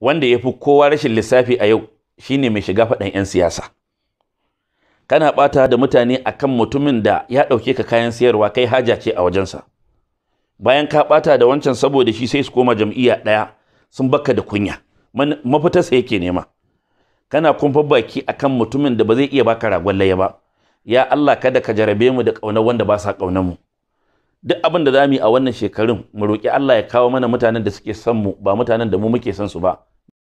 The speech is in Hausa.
wanda ya fi kowa rashin lissafi a yau shine mai shiga faɗan 'yan siyasa kana ɓata da mutane akan mutumin da ya ɗauke ka kayan siyarwa kai haja ce a wajensa bayan ka ɓata da wancan saboda shi sai su koma jam'iyya ɗaya sun baka da kunya mafitarsa yake nema kana kumfa baki akan mutumin da ba zai iya baka ragon laye ba ya Allah kada ka jarabe mu da ƙaunar wanda ba sa ƙaunar mu duk abin da za mu yi a wannan shekarun mu roƙi Allah ya kawo mana mutanen da suke son mu ba mutanen da mu muke son su ba